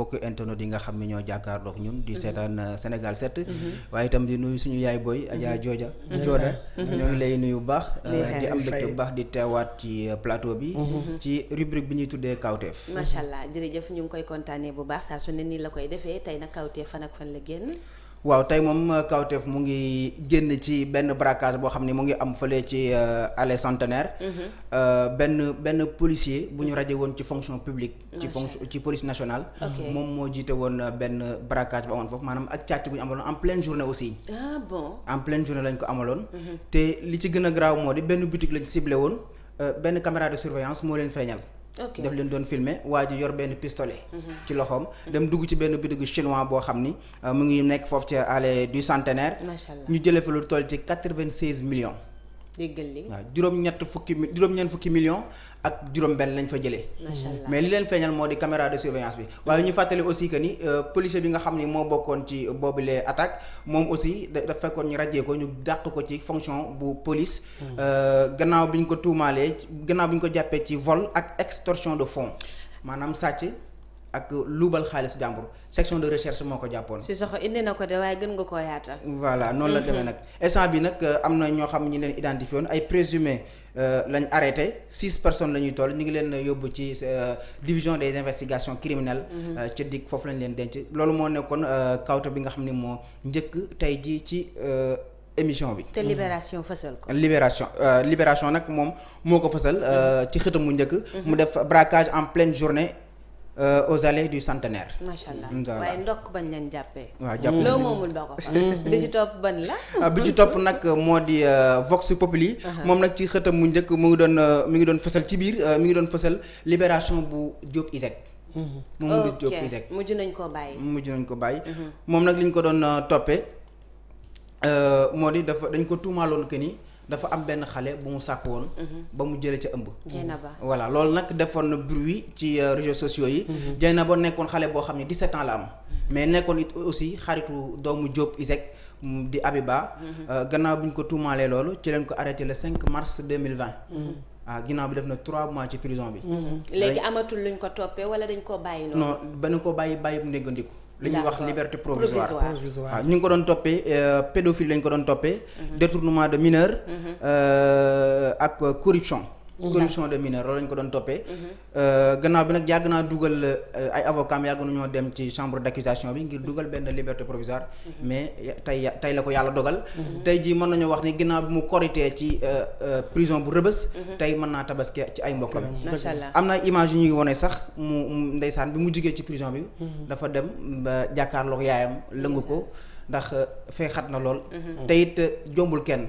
mbokk internet yi nga xam ne ñoo jàkkaarloog ñun di mhm. seetaan euh, Sénégal 7 mhm. waaye itam di nuyu suñu yaay boy Adja mhm. Jooja Jooda ñoo ngi lay nuyu bu baax euh, di am mbégte bu baax di teewaat ci euh, plateau bi ci rubrique bi ñuy tuddee kawteef macha allah jërëjëf ñu ngi koy kontaanee bu baax saa su ne nii la koy defee tey nag kawteef fan ak fan la génn waaw tey moom euh, kawteef mu ngi génn ci benn braquage boo xam ni mu ngi am fële ci euh, allée centenaire. Mm-hmm. Euh, benn benn policier bu ñu mm-hmm. raje woon ci fonction publique. ci fonction ci ak nationale. moom moo jiite woon benn braquage bu amoon foofu maanaam ak càcc gu ñu amaloon en pleine journée aussi. ah bon en pleine journée lañ ko amaloon. Mm-hmm. te li ci gën a graaw moo di benn boutique lañ ciblé woon benn caméra de surveillance moo leen feeñal. daf leen doon filmer waa ji yor benn pistolet mhm. ci loxoom dem dugg ci benn bitigu chinois boo xam ni euh, mu ngi nekk foofu ci allée du centenaire ñu jëlee fa lu toll ci quatre-vingt-seize millions déggal li waaw juróom-ñett fukki mi juróom-ñeent fukki million ak juróom-benn lañ fa jëlee. mais li leen feeñal moo di caméra de surveillance bi. waaye ñu fàttali aussi que ni euh, policier bi nga xam ni moo bokkoon ci boobule attaque moom aussi da fekkoon ñu rajee ko ñu dàq ko ci fonction bu police. Hmm. Euh, gannaaw bi ñu ko tuumaalee gannaaw bi ñu ko jàppee ci vol ak extorsion de fonds maanaam sàcc. ak luubal xaalis jàmbur section de recherche moo ko jàppoon. si soxo indi na ko de waaye gën nga koo yaatal. voilà noonu la mhm. demee nag instant bi nag euh, am na ñoo xam ñi leen identifié woon ay présumé euh, lañ arrêté six personnes la ñuy toll ñu ngi leen yóbbu ci euh, division des investigations criminelles. Mhm. ci dikk foofu lañ leen denc. loolu moo nekkoon kawte bi nga xam ni moo njëkk tey jii ci. émission bi. te libération fësal ko. libération libération nag moom moo ko fësal. Mhm. ci xëtam mu njëkk. mu def braquage en pleine Euh, aux allées du centenaire. macha allah waaye ndokk bañ leen jàppee. waaw jàppee loo moomul ba ko fa. Mhm. bi ci topp ban la. Ah, bi topp nag moo di euh, Vox Populi. Uh-huh. moom nag ci xëtam mu njëkk mu ngi doon euh, mi ngi doon fësal ci biir mi ngi doon fësal libération bu Diop Iseg. Mhm. moom mu ngi Diop nañ koo bàyyi. mujj nañ ko bàyyi. Mhm. moom nag li ko doon toppee moo di dafa dañ ko tuumaaloon que dafa am benn xale bu mu sàkk woon. Mhm. ba mu jële ca ëmb. Jeynaba mhm. voilà loolu nag defoon na bruit ci euh, réseaux sociaux yi. Jeynaba mhm. nekkoon xale boo xam ne di ans la am. mais nekkoon it aussi xaritu doomu Diop Isaac mm, di Abiba. Euh, gannaaw bi ñu ko tuumaalee loolu ci leen ko arrêté le 5 mars 2020. waaw ah, ginnaaw bi def na trois mois ci prison bi. léegi amatul luñ ko toppee wala dañ koo bàyyi. loolu non ba ñu ko bàyyi bàyyi bu néggandiku. li ñuy wax liberté provisoire waaw ñu ngi ko doon toppee euh, pédophile lañ ko doon toppee mhm. détournement de mineur mhm. euh, ak corruption Mmh. corruption de mineur loolu lañ ko doon toppee mmh. euh, gannaaw bi nag yàgg naa dugal euh, ay avocat yàgg nañoo dem ci chambre d'accusation bi ngir mmh. dugal benn liberté provisoire mais tey tey la ko yàlla dogal tey ji mën nañoo wax ni gannaaw bi mu koritee ci euh, prison bu rëbës tey mën naa tabaske ci ay mbokkam am na image yu ñuy wone sax mu ndeysaan bi mu jugee ci prison bi dafa dem ba jàkkaarloog yaayam lëngu ko ndax fee xat na lool te it jombul kenn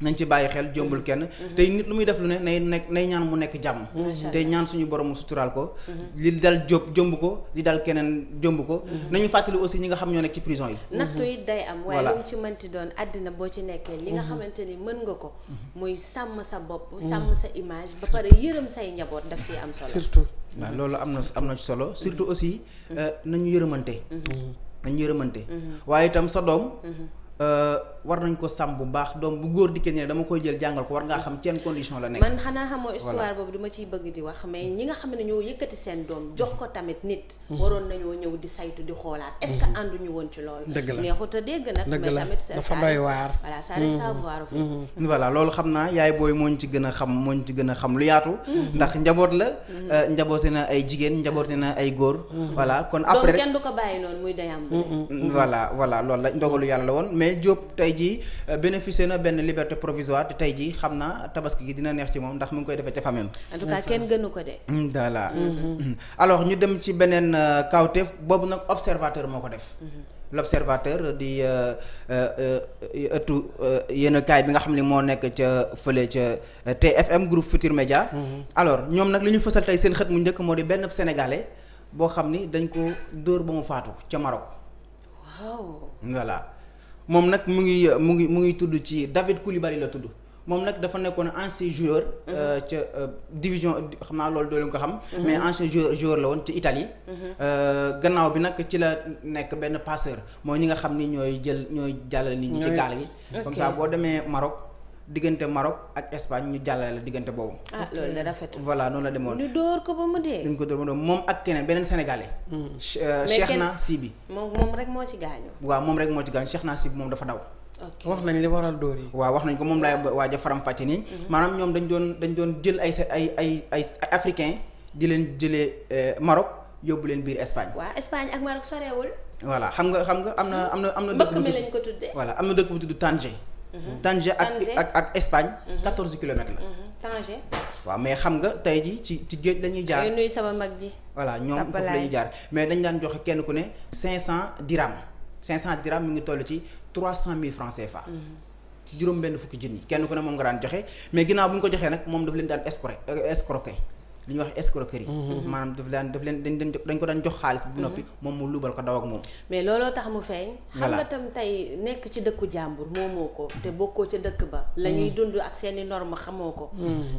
nañ ci bàyyi xel jombul kenn mm-hmm. tey nit lu muy def lu ne nay nekk nay ñaan mu nekk jàmm tey ñaan suñu borom mu ko mm-hmm. li dal jób jomb ko li dal keneen jomb ko mm-hmm. nañu fàttali aussi ñi nga xam ñoo nekk ci prison yi nattu day am waaye lu mu ci doon àddina boo ci nekkee li nga xamante ni mën nga ko muy sàmm sa bopp sàmm sa image ba pare yërëm say njaboot daf ciy am solo surtout waaw loolu am na am na ci solo surtout aussi euh, nañu yërëmante nañu yërëmante waaye itam sa doom Euh, war nañ ko sam bu baax doom bu góor dikkee ne dama koy jël jàngal ko war ngaa xam seen condition la nekk. man xanaa xamoo histoire boobu duma ciy bëgg di wax mais ñi nga xam ne ñoo yëkkati seen doom jox ko tamit nit. Mhm. waroon nañoo ñëw di saytu di xoolaat. est-ce que mhm. ànduñu woon ci loolu. dëgg la neexut a dégg nag. mais tamit sa dafa doy waar. Mhm. voilà loolu xam naa yaay booy moo mooñ ci gën a xam mooñ ci gën a xam lu yaatu. ndax njaboot la. Euh, njaboote na ay jigéen njaboote na ay góor. kon après donc noonu muy dayam. voilà voilà loolu la ndogalu yàlla la mais Diop tey jii euh, bénéficié na benn liberté provisoire te tey jii xam naa tabaski gi dina neex ci moom ndax mu ngi koy defee ca famem en tout cas kenn gënu ko de. voilà. Mm-hmm. Mm-hmm. alors ñu dem ci beneen euh, kawteef boobu nag observateur moo ko def. Mm-hmm. l'observateur di euh, ëttu yenn kaay bi nga xam ne moo nekk ca fële ca TFM groupe Futur alors ñoom nag li ñu fësal tey seen xët mu njëkk moo di benn sénégalais boo xam ni dañ ko dóor ba mu faatu ca Maroc. waaw voilà. moom nag mu ngi mu ngi mu ngi tudd ci David Koulibaly la tudd moom nag dafa nekkoon ancien joueur. Mhm. Euh, ca euh, division xam naa loolu doo ko xam. Mhm. mais ancien joueur joueur la woon ci Italie. Mhm. Euh, gannaaw bi nag ci la nekk benn passeur mooy ñi nga xam ni ñooy jël ñooy jàllale ni ñi ci gaal gi. comme ça boo demee Maroc. diggante Maroc ak Espagne ñu jàllale la diggante boobu. ah loolu la rafetul. voilà noonu la demoon ñu door ko ba mu dee. dañ ko door ba mu dee moom ak keneen beneen sénégalais. Hmm. Euh, Cheikhna Sibi. moom moom rek moo ci gaañu. waaw moom rek moo ci gaañu Cheikhna Sibi moom dafa daw. wax nañ li waral dóor yi. waa wax nañ ko moom laay waaj a faram-fàcce nii. Hmm. maanaam ñoom dañ doon dañu doon jël ay ay ay ay africain di leen jëlee euh, Maroc yóbbu leen biir Espagne. waaw Espagne ak Maroc sorewul. voilà xam nga xam nga am na am na. am na dëkk bu tudd am na dëkk bu tudd Tanger Mhm. Tanger ak ak ak Espagne. 14 mhm. kilomètres la. Mhm. Tanger. waaw mais xam nga tey ji ci ci géej la ñuy jaar ngay nuyu sama mag ji. voilà ñoom foofu la jaar mais dañ daan joxe kenn ku ne 500 dirham 500 dirham mi ngi toll ci 300000 francs CFA. ci juróom benn fukki junni kenn ku ne moom nga daan joxe mais ginnaaw bu ñu ko joxee nag moom daf leen daan euh, escroquer escroquer. lu ñuy wax escroquerie. Mhm. maanaam daf daan daf leen dañ ko daan jox xaalis bu noppi mhm. moom mu luubal ko daw ak moom. mais looloo tax mu feeñ. xam tey nekk ci dëkku jàmbur moomoo ko te bokkoo ca dëkk ba. la ñuy mhm. dund ak seeni norme xamoo ko.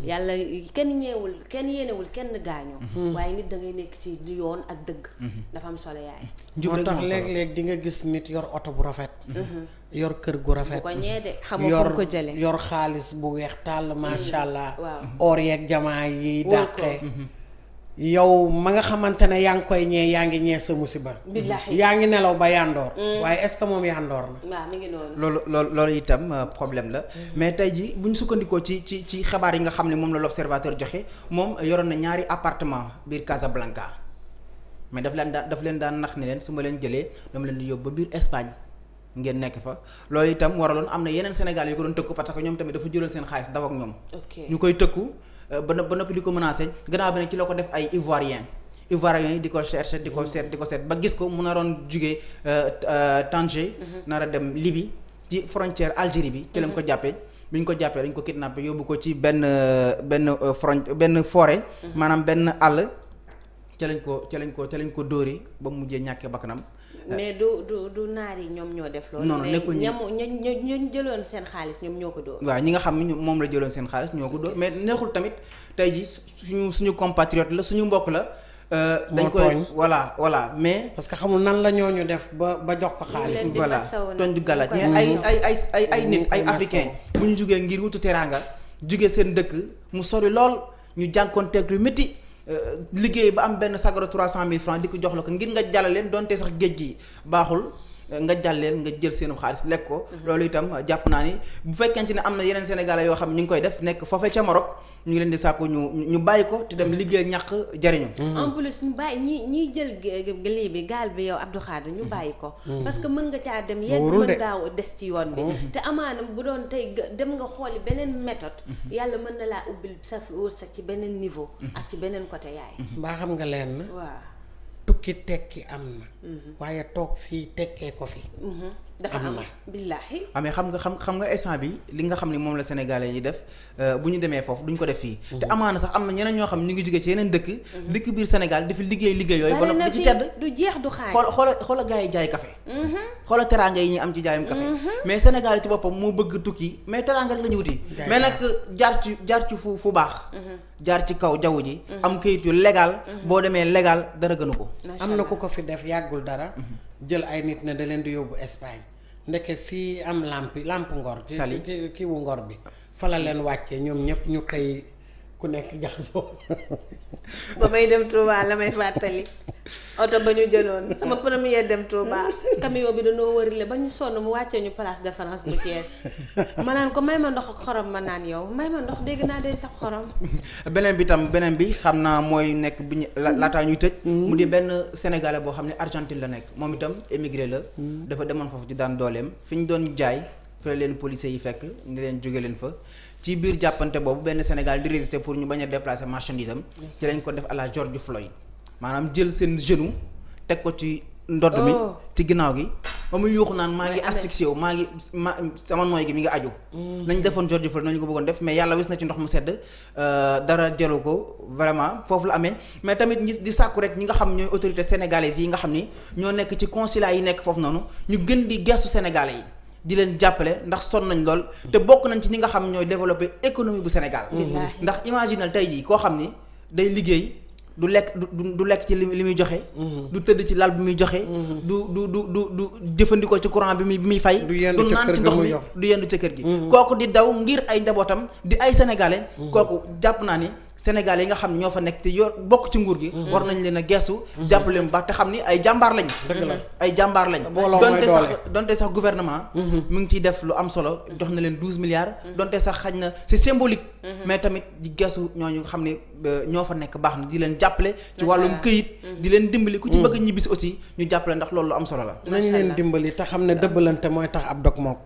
yàlla kenn ñeewul kenn yéenewul kenn gaañoo. waaye nit da ngay nekk ci yoon ak dëgg. dafa am solo yaay. njub moo tax léeg-léeg di nga gis nit yor oto bu rafet. yor kër gu rafet. bu ko ñee de xamoo fu ko jëlee yor xaalis bu weex tàll macha allah. waaw or jamaa yi dàqee doole. Mm-hmm. yow ma nga xamante ne yaa ngi koy ñee yaa ngi ñee sa musiba. billaahi yaa ngi nelaw ba yandoor. Mm. waaye est-ce que moom yandoor na. waaw mi ngi noonu. loolu loolu loolu itam euh, problème la. Mm-hmm. mais tey jii bu ñu sukkandikoo ci ci ci xabaar yi nga xam ne moom la l'observateur joxe moom yoroon na ñaari appartement biir Casablanca mais daf leen daan daf leen daan nax ni leen su ma leen jëlee dama leen di yóbbu ba biir Espagne. ngeen nekk fa loolu itam waraloon am na yeneen Sénégal yu ko doon tëkku parce que ñoom tamit dafa jëloon seen xaalis daw ak ñoom. ñu Euh, ba ba noppi di ko menacé gannaaw bi nag ci la ko def ay ivoirien ivoirien yi di ko cherché di ko seet di ko seet ba gis ko mu naroon jugee euh, euh, Tanger mhm. nar a dem Libye ci frontière Algérie bi ci lañ ko mhm. jàppee bi ñu ko jàppee dañ ko kidnappé yóbbu ko ci benn benn front benn forêt mhm. maanaam benn àll ca lañ ko cëlañ lañ ko ca lañ ko dóore ba mu mujjee ñàkkee bakkanam mais du du du naar yi ñoom ñoo def loolu. non nekkuñu ñamu ña jëloon seen xaalis ñoom ñoo ko dóor. waaw ñi nga xam ne moom la jëloon seen xaalis ñoo ko dóor mais neexul tamit tey ji suñu suñu compatriote la suñu mbokk la. Euh, dañ koy voilà voilà mais. parce que xamul nan la ñu def ba ba jox ko xaalis. voilà tooñ du galaaj mais ay ay ay ay ay nit ay africain bu ñu jógee ngir wutu teraanga jóge seen dëkk mu sori lool ñu jànkoonteeg lu métti. Euh, liggéey ba am benn sagaro trois cent mille francs di ko jox la ko ngir nga jàll leen donte sax géej gi baaxul euh, nga jàll leen nga jël seenu xaalis lekk ko. Mm-hmm. loolu itam jàpp naa ni bu fekkente ni am na yeneen sénégalais yoo xam ñu ngi koy def nekk foofee ca Maroc. ñu ngi leen di sàkku ñu ñu bàyyi ko te dem liggéey ñàq jariñu mm-hmm. en plus ñu bàyyi ñii ñiy jël lii bi gaal bi yow Abdou Khadre ñu mm-hmm. bàyyi ko mm-hmm. parce que mën nga caa dem yegg mën ngaa des ci yoon bi te amaana bu doon tey dem nga xooli beneen méthode yàlla mën na laa ubbil sa wërsëg ci beneen niveau ak ci beneen côté yaay mbaa xam nga leen na waaw tukki tekki am na waaye toog fii tekkee ko fi dafa am billaahi amee ah, xam nga xam xam nga instant bi li nga xam ni moom la sénégalais yi def euh, bu ñu demee foofu duñ ko def fii mhm. te amaana sax am na ñeneen ñoo xam ñu ngi jóge ci yeneen dëkk mhm. dëkk biir sénégal dafa liggéey liggéey yooyu ba noppi di ci tedd du jeex du xaaj xool xoola xoola gars yi jaay café mhm. xoola teraanga yi ñuy am ci jaayum café mais sénégal ci boppam moo bëgg tukki mais teraanga rek la ñu wuti mais nag jaar ci jaar ci fu fu baax jaar ci kaw jaww ji am kayit yu légal boo demee légal dara gënu ko am na ko fi def yàggul dara jël ay nit ne da leen di yóbbu Espagne ndeke fii am làmpi làmp ngor. sali kii ngor bi fa la leen wàccee ñoom ñëpp ñu koy. ku nekk jaxasoo ba may dem Touba la may fàttali oto ba ñu jëloon sama premier dem Touba camion bi dañoo wërile ba ñu sonn mu wàccee ñu place de France bu Thiès ma ko may ma ndox ak xorom ma naan yow may ma ndox dégg naa day sax xorom. beneen bi tam beneen bi xam naa mooy nekk bu ñu mm-hmm. laataa ñuy tëj. Mm-hmm. mu di benn sénégalais boo xam ne Argentine la nekk moom itam émigré la. Mm-hmm. dafa demoon foofu ci daan dooleem fi ñu doon jaay. fële leen policiers yi fekk ni leen jóge leen fa ci biir jàppante boobu benn Sénégal di résister pour ñu bañ a déplacer marchandise am ci lañ ko def à la George maanaam jël seen genou teg ko ci ndodd mi oh. ci ginnaaw gi ba muy yuuxu maa ngi asphyxié wu maa ngi ma sama nooy gi mi ngi aju mm. nañ defoon George Floyd ko bëggoon def mais yàlla wis na ci ndox mu sedd euh, dara jaru ko vraiment foofu la amee mais tamit ñi di sàkku rek ñi nga xam ñooy autorité sénégalaises yi nga xam ni ñoo nekk ci consulat yi nekk foofu noonu ñu gën di gestu sénégalais yi di leen jàppale ndax sonn nañ lool te bokk nañ ci ñi nga xam ñooy développer économie bu Sénégal mm-hmm. ndax imaginal tey jii koo xam ni day liggéey du lekk du lekk ci li li muy joxe mm-hmm. du tëdd ci lal bi muy joxe mm-hmm. du du du du du jëfandikoo ci courant bi muy bi muy fay du naan ci ndox mi du yendu ca kër gi kooku di daw ngir ay njabootam di ay sénégalais kooku jàpp naa ni Sénégal yi nga xam ne ñoo fa nekk te yor bokk ci nguur gi. Mhm. war nañ leen a gestu. jàpp mhm. leen te xam ni ay jàmbaar lañ. la ay jàmbaar lañ. donte sax donte sax gouvernement. Mhm. mu ngi ciy def lu am solo jox na leen douze milliards. donte sax xaj na si symbolique. mais tamit di gestu ñooñu xam ne ñoo fa nekk baax na di leen jàppale. ci wàllum këyit di leen dimbali. ku ci bëgg ñibbisi aussi ñu jàppale ndax loolu lu am solo la. nañ leen dimbali te xam ne dëbbalante mooy tax ab dog mook.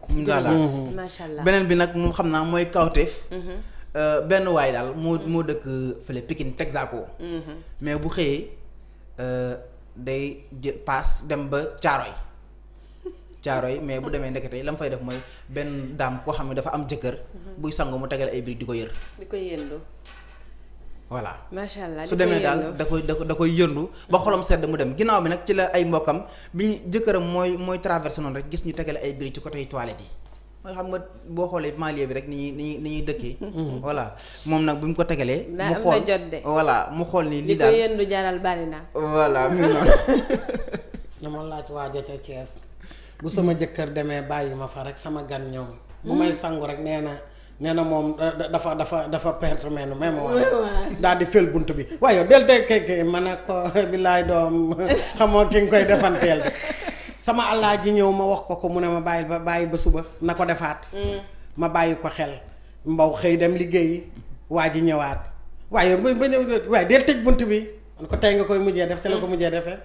macha beneen bi nag moom xam naa mooy kawteef Euh, benn waay daal moo moo dëkk fële Pikine Texaco. Mhm. mais bu xëyee euh, day jël paas dem ba Caaroy Caaroy mais bu demee ndekete la mu fay def mooy benn daam koo xam ne dafa am jëkkër. Mhm. buy sangu mu tegal ay birig di ko yër. di ko yëndu. voilà macha su demee daal da koy da koy yëndu ba mhm. xolom sedd mu dem ginnaaw bi nag ci la ay mbokkam bi ñu jëkkëram mooy mooy traversé noonu rek gis ñu tegale ay birig ci côté toilette yi. mooy xam nga boo xoolee Mali bi rek ni ñuy ni ñuy dëkkee. Mhm. voilà moom nag bu mu ko tegalee. mu xool voilà mu xool ni lii daal li ko yëndu jaral bari na. voilà mi noonu. laaj waaja ca Thiès bu sama jëkkër demee bàyyi ma fa rek sama gan ñëw. bu may sangu rek nee na nee na moom dafa dafa dafa perte mel même dal di fël bunt bi waaye yow del de kay kay a ko billaay doom xamoo ki nga koy defanteel sama allah ji ñëw ma wax ko ko mu ne ma bàyyi ba bàyyi ba suba na ko defaat. Mm. ma bàyyi ko xel mbaw xëy dem liggéey waa ji ñëwaat waaye ba ba waaye deel tëj bunt bi man ko tey nga koy mujjee def. te la ko mm. mujjee defee.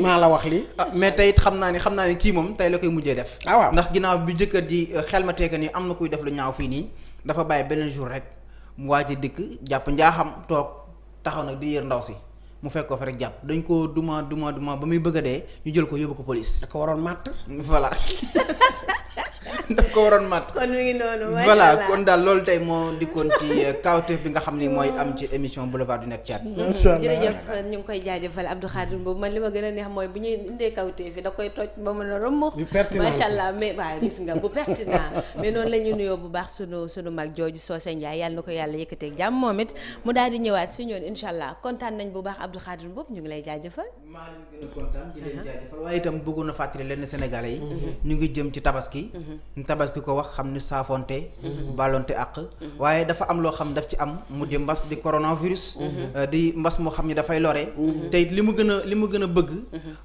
maa la wax lii. Ah, mais tey xam naa ni xam naa ne kii moom tey la koy mujjee def. ah waaw ndax ginnaaw bi jëkkër ji euh, xel ma teg ni am na kuy def lu ñaaw fii nii dafa bàyyi beneen jour rek mu waa ji dikk jàpp njaaxam toog taxaw nag di yër ndaw si. mu fekk ko fa rek jàpp dañ ko duma duma duma ba muy bëgg a dee ñu jël ko yóbbu ko police. da ko waroon màtt. voilà da ko waroon màtt. kon mi ngi noonu voilà kon daal loolu tey moo dikkoon ci euh, kawteef bi nga xam ni mooy am ci émission boulevard du nekk Thiat. incha mm. allah ñu ngi koy jaajëfal Abdou Khadir boobu man li ma gën a neex mooy bu ñuy indee kawteef da koy toj ba mën a romb. bu pertinent macha allah mais waaw gis nga bu pertinent mais noonu la ñu nuyoo bu baax sunu sunu mag jooju Socé Ndiaye yàlla ko yàlla yëkkateeg jàmm moom mu daal di ñëwaat si ñoon incha allah Abdou Khadir Mboup ñu ngi lay jaajëfal. maa leen gën a kontaan di leen jaajëfal waaye itam bëggoon fàttali leen Sénégalais yi. Mhm. ñu ngi jëm ci tabaski. ñu mhm. tabaski ko wax xam ni saafonte. Mhm. ballonte àq. waaye dafa am loo xam daf ci am mu di mbas di coronavirus. Euh, di mbas moo xam ni dafay lore. te li mu gën a li mu gën a bëgg.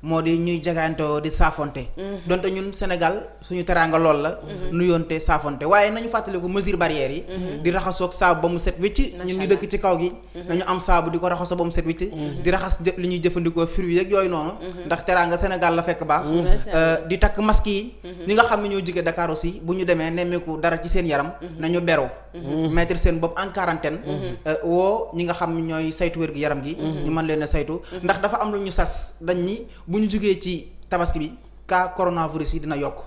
moo di ñuy jagaantoo di saafonte. donte ñun Sénégal suñu teraanga lool la. nuyoonte saafonte waaye nañu fàttaliku mesure barrière yi. di raxasoo ak saabu ba mu set wicc. ñun ñu dëkk ci kaw gi. nañu am saabu di ko raxasoo bi yeeg yooyu noonu mhm. ndax teraanga Sénégal la fekk baax mhm. euh, di takk maski yi mhm. ñi nga xam ne ñoo jóge Dakar aussi bu ñu demee nemmeeku dara ci seen yaram nañu beru mettre seen bopp en quarantaine euh, woo ñi nga xam ñooy saytu wér gi yaram gi ñu mën leen a saytu ndax dafa am lu ñu sas dañ ñi bu ñu jógee ci tabaski bi cas coronavirus yi dina yokk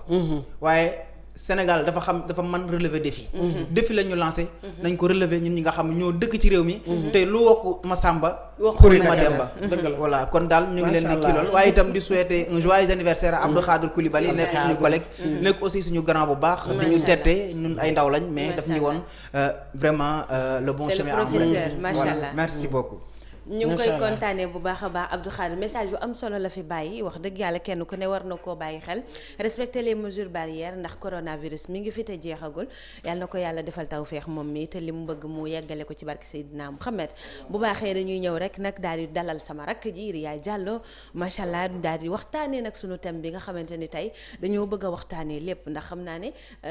waaye Sénégal dafa xam dafa man relever défi mhm. defi la ñu lancé mhm. nañ ko relever ñun ñi nga xam ñoo dëkk ci réew mi mhm. te lu wokk ma sàmba xuri ma demba voilà kon daal ñu ngi leen di kii lool waaye itam di souhaiter un joyeux anniversaire à Abdou Khadir Koulibaly nekk suñu collègue nekk aussi suñu grand bu baax di ñu tette ñun ay ndaw lañ mais daf ñu woon euh, vraiment euh, le bon chemin à emprunter voilà merci beaucoup ñu ngi koy kontaanee bu baax a baax Abdou Khadir message bu am solo la fi bàyyi wax dëgg yàlla kenn ku ne war na koo bàyyi xel respecter les mesures barrières ndax coronavirus mi ngi fi te jeexagul yàlla na ko yàlla defal tawféex moom mi te li mu bëgg mu yeggale ko ci barke Seydina Mouhamed bu baaxee dañuy ñëw rek nag daal di dalal sama rakk jiir yaa jàlloo macha allah daal di waxtaanee nag suñu thème bi nga xamante ni tey dañoo bëgg a waxtaanee lépp ndax xam naa ne